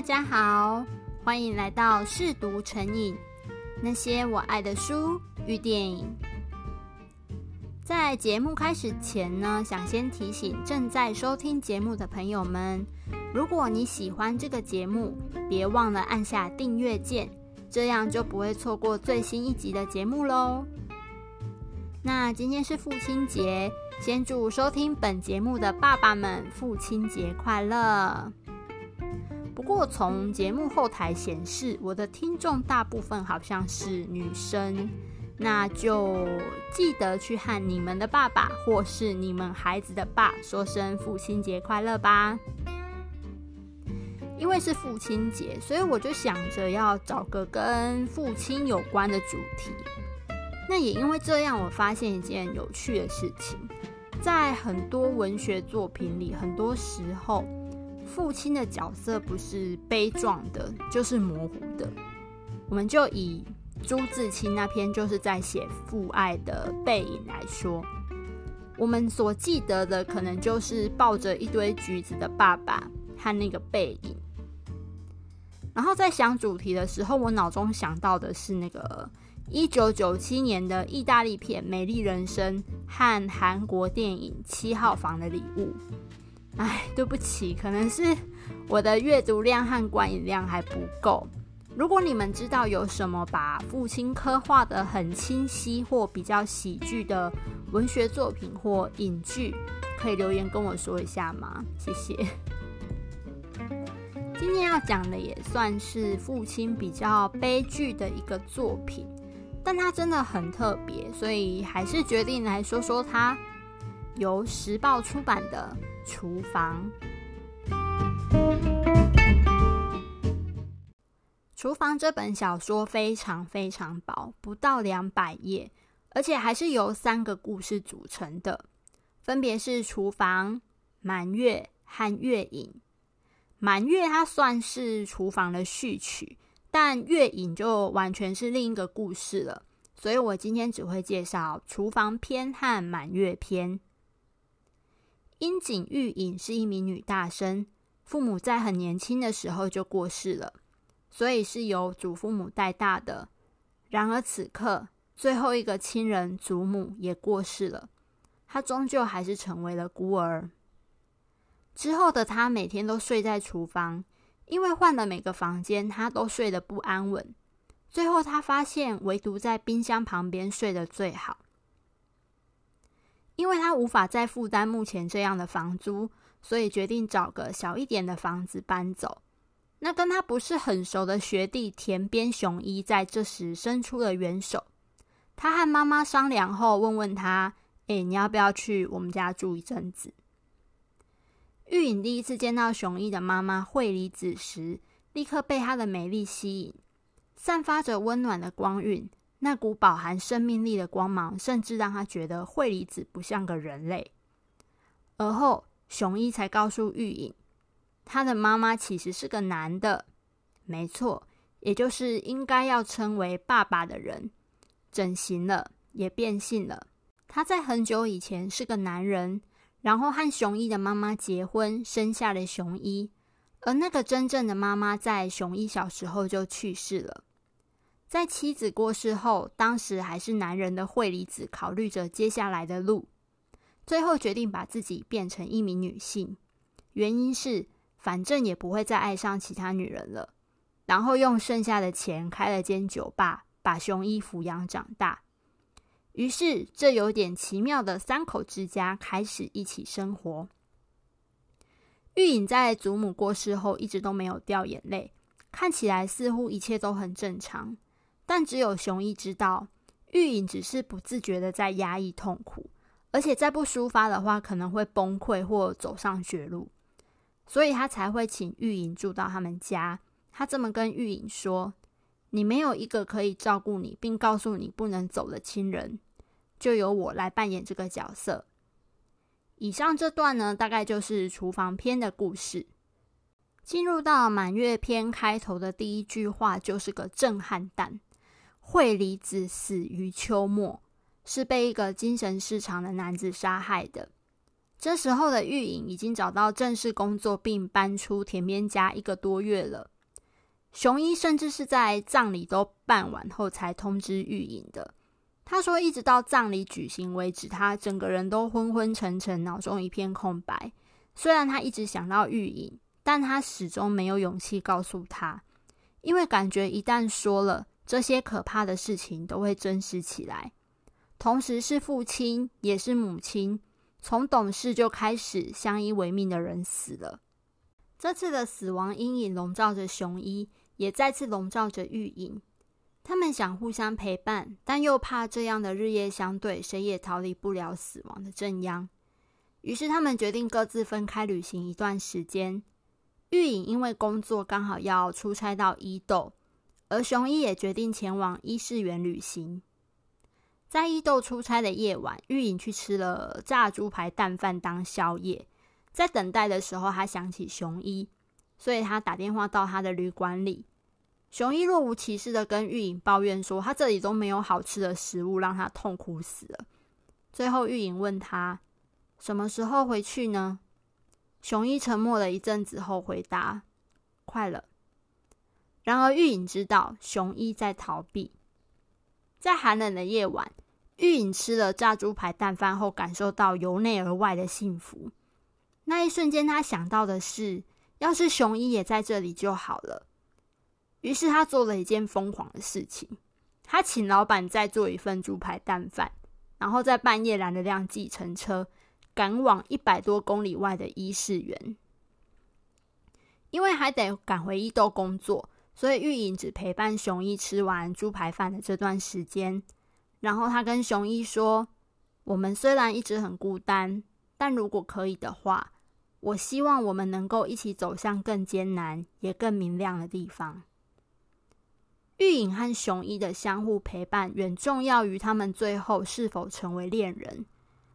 大家好，歡迎來到試讀成癮。那些我愛的書與電影。在節目開始前呢，想先提醒正在收聽節目的朋友們，如果你喜歡這個節目，別忘了按下訂閱鍵，這樣就不會錯過最新一集的節目嘍。那今天是父親節，先祝收聽本節目的爸爸們父親節快樂。不過，從節目後台顯示，我的聽眾大部分好像是女生，那就記得去和你們的爸爸，或是你們孩子的爸，說聲父親節快樂吧。因為是父親節，所以我就想着要找個跟父親有關的主題。那也因為這樣，我發現一件有趣的事情，在很多文學作品裡，很多時候……父親的角色不是悲壯的，就是模糊的。我們就以朱自清那篇就是在寫父愛的背影來說，我們所記得的可能就是抱着一堆橘子的爸爸和那個背影。然後在想主題的時候，我腦中想到的是那個一九九七年的意大利片《美麗人生》和韓國電影《七號房的禮物》。哎，對不起，可能是我的閱讀量和觀影量還不夠。如果你們知道有什麼把父親刻畫得很清晰或比較喜劇的文學作品或影劇，可以留言跟我說一下嗎？謝謝。今天要講的也算是父親比較悲劇的一個作品，但他真的很特別，所以還是決定來說說他由時報出版的。廚房，《廚房》這本小說非常非常薄，不到兩百頁，而且還是由三個故事組成的，分別是《廚房》、《滿月》和《月影》。《滿月》它算是《廚房》的序曲，但《月影》就完全是另一個故事了。所以我今天只會介紹《廚房》篇和《滿月》篇。櫻井御影是一名女大生，父母在很年輕的時候就過世了，所以是由祖父母帶大的。然而此刻，最後一個親人祖母也過世了，她終究還是成為了孤兒。之後的她每天都睡在廚房，因為換了每個房間，她都睡得不安穩。最後，她發現唯獨在冰箱旁邊睡得最好。因為他無法再負擔目前這樣的房租，所以決定找個小一點的房子搬走。那跟他不是很熟的學弟田邊雄一在這時伸出了援手。他和媽媽商量後，問問他：“哎，你要不要去我們家住一陣子？”御影第一次見到雄一的媽媽惠理子時，立刻被他的美麗吸引，散發着溫暖的光暈。那股飽含生命力的光芒，甚至讓他覺得惠理子不像個人類。而後，雄一才告訴御影，他的媽媽其實是個男的，沒錯，也就是應該要稱為爸爸的人，整形了，也變性了。他在很久以前是個男人，然後和雄一的媽媽結婚，生下了雄一。而那個真正的媽媽，在雄一小時候就去世了。在妻子過世後，當時還是男人的惠理子考慮着接下來的路，最後決定把自己變成一名女性，原因是反正也不會再愛上其他女人了。然後用剩下的錢開了間酒吧，把雄一撫養長大。於是，這有點奇妙的三口之家開始一起生活。御影在祖母過世後一直都沒有掉眼淚，看起來似乎一切都很正常。但只有雄一知道，御影只是不自覺地在壓抑痛苦，而且再不抒發的話，可能會崩潰或走上絕路，所以他才會請御影住到他們家。他這麼跟御影說：“你沒有一個可以照顧你，並告訴你不能走的親人，就由我來扮演這個角色。”以上這段呢，大概就是廚房篇的故事。進入到滿月篇開頭的第一句話，就是個震撼彈。惠梨子死於秋末，是被一個精神失常的男子殺害的。這時候的御影已經找到正式工作，並搬出田邊家一個多月了。雄一甚至是在葬禮都辦完後才通知御影的。他說，一直到葬禮舉行為止，他整個人都昏昏沉沉，腦中一片空白。雖然他一直想到御影，但他始終沒有勇氣告訴他，因為感覺一旦說了，這些可怕的事情都會真實起來。同時，是父親，也是母親，從懂事就開始相依為命的人死了。這次的死亡陰影籠罩着雄一，也再次籠罩着御影。他們想互相陪伴，但又怕這樣的日夜相對，誰也逃離不了死亡的震央。於是，他們決定各自分開旅行一段時間。御影因為工作剛好要出差到伊豆。而雄一也決定前往伊勢原旅行。在伊豆出差的夜晚，御影去吃了炸豬排蛋飯當宵夜。在等待的時候，他想起雄一，所以他打電話到他的旅館裡。雄一若無其事的跟御影抱怨說，他這裡都沒有好吃的食物，讓他痛苦死了。最後，御影問他什麼時候回去呢？雄一沉默了一陣子後回答：“快了。”然而，御影知道雄一在逃避。在寒冷的夜晚，御影吃了炸豬排蛋飯後，感受到由內而外的幸福。那一瞬間，他想到的是：要是雄一也在這裡就好了。於是，他做了一件瘋狂的事情。他請老板再做一份豬排蛋飯，然後在半夜攔了輛計程車，趕往一百多公里外的伊勢原，因為還得趕回伊豆工作。所以，御影只陪伴熊一吃完豬排飯的這段時間，然後他跟熊一說：“我們雖然一直很孤單，但如果可以的話，我希望我們能夠一起走向更艱難也更明亮的地方。”御影和熊一的相互陪伴遠重要於他們最後是否成為戀人。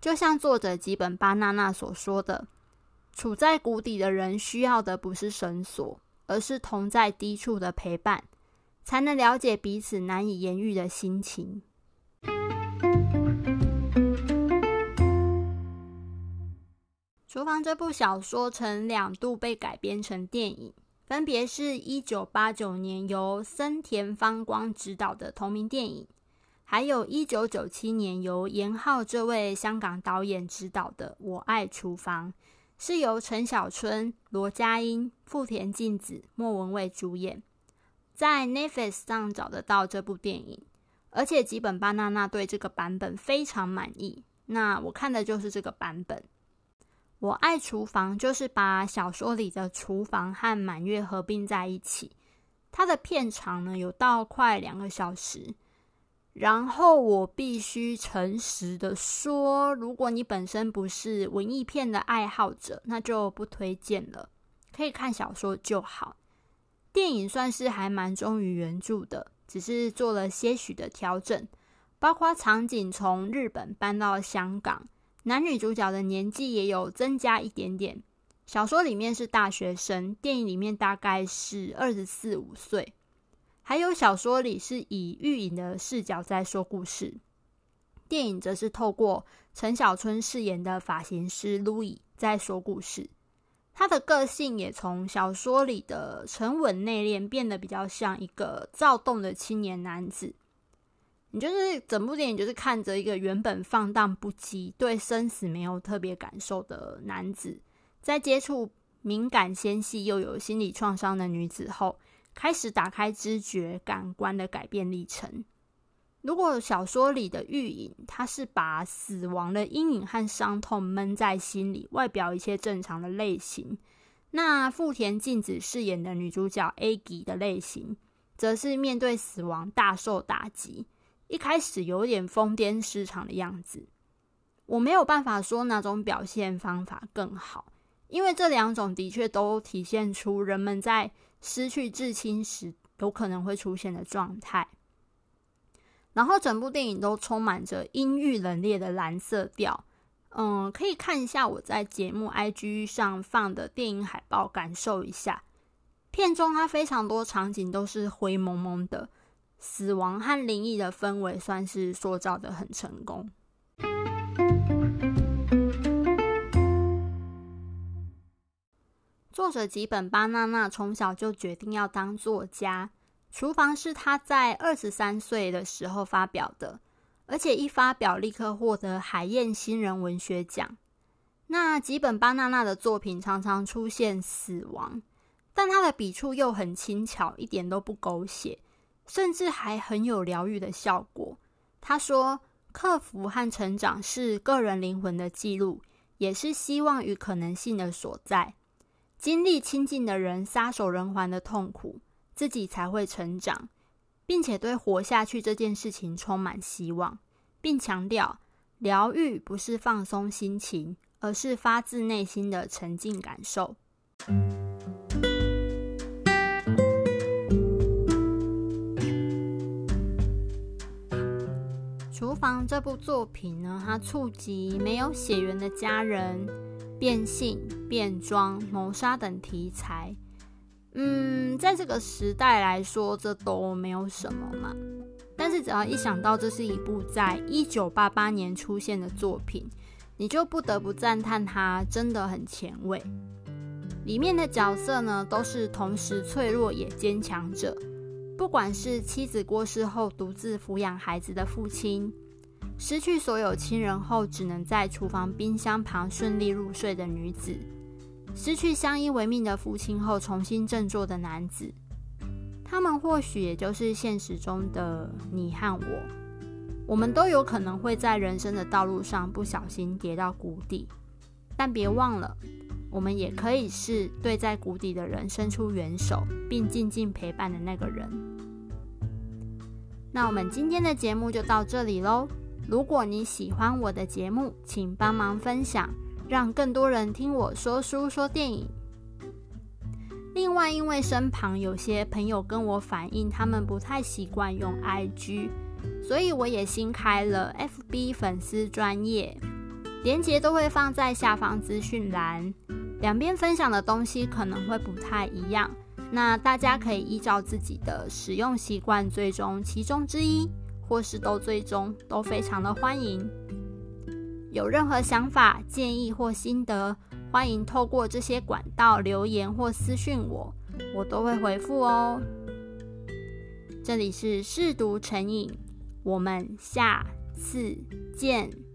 就像作者吉本芭娜娜所說的：“處在谷底的人需要的不是繩索。”而是同在低處的陪伴，才能了解彼此難以言喻的心情。《廚房》這部小說曾兩度被改編成電影，分別是一九八九年由森田芳光執導的同名電影，還有一九九七年由嚴浩這位香港導演執導的《我愛廚房》。是由陳小春、羅家英、富田靜子、莫文蔚主演，在 Netflix 上找得到這部電影，而且吉本芭娜娜對這個版本非常滿意。那我看的就是這個版本。我愛廚房就是把小說裡的廚房和滿月合併在一起，它的片長呢有到快兩個小時。然後我必須誠實的說，如果你本身不是文藝片的愛好者，那就不推薦了。可以看小說就好。電影算是還蠻忠於原著的，只是做了些許的調整，包括場景從日本搬到香港，男女主角的年紀也有增加一點點。小說裡面是大學生，電影裡面大概是二十四五歲。還有小說裡是以御影的視角在說故事，電影則是透過陳小春飾演的髮型師 Louis 在說故事。他的個性也從小說裡的沉穩內斂變得比較像一個躁動的青年男子。你就是整部電影就是看着一個原本放蕩不羈、對生死沒有特別感受的男子，在接觸敏感纖細又有心理創傷的女子後。開始打開知覺感官的改變歷程。如果小說裡的玉影，它是把死亡的陰影和傷痛悶在心裡，外表一切正常的類型；那富田靜子飾演的女主角 A 吉的類型，則是面對死亡大受打擊，一開始有點瘋癲失常的樣子。我沒有辦法說哪種表現方法更好。因為這兩種的確都體現出人們在失去至親時有可能會出現的狀態。然後整部電影都充滿着陰鬱冷冽的藍色調，嗯，可以看一下我在節目 IG 上放的電影海報，感受一下。片中它非常多場景都是灰蒙蒙的，死亡和靈異的氛圍，的氛圍算是塑造得很成功。作者吉本芭娜娜從小就決定要當作家。《廚房》是他在二十三歲的時候發表的，而且一發表立刻獲得海燕新人文學獎。那吉本芭娜娜的作品常常出現死亡，但他的筆觸又很輕巧，一點都不狗血，甚至還很有療癒的效果。他說：“克服和成長是個人靈魂的記錄，也是希望與可能性的所在。”經歷親近的人撒手人寰的痛苦，自己才會成長，並且對活下去這件事情充滿希望，並強調療癒不是放鬆心情，而是發自內心的沉浸感受。《廚房》這部作品呢，它觸及沒有血緣的家人。變性、變裝、謀殺等題材，嗯，在這個時代來說，這都沒有什麼嘛。但是，只要一想到這是一部在一九八八年出現的作品，你就不得不讚嘆它真的很前衛。裡面的角色呢，都是同時脆弱也堅強者，不管是妻子過世後獨自撫養孩子的父親，失去所有親人後，只能在廚房冰箱旁順利入睡的女子；失去相依為命的父親後，重新振作的男子。他們或許也就是現實中的你和我。我們都有可能會在人生的道路上不小心跌到谷底，但別忘了，我們也可以是對在谷底的人伸出援手，並靜靜陪伴的那個人。那我們今天的節目就到這裡嘍。如果你喜歡我的節目，請幫忙分享，讓更多人聽我說書、說電影。另外，因為身旁有些朋友跟我反映他們不太習慣用 IG，所以我也新開了 FB 粉絲專頁，連結都會放在下方資訊欄。兩邊分享的東西可能會不太一樣，那大家可以依照自己的使用習慣，追蹤其中之一。或是都最終都非常的歡迎。有任何想法、建議或心得，歡迎透過這些管道留言或私訊我，我都會回復哦。這裡是試讀成癮，我們下次見。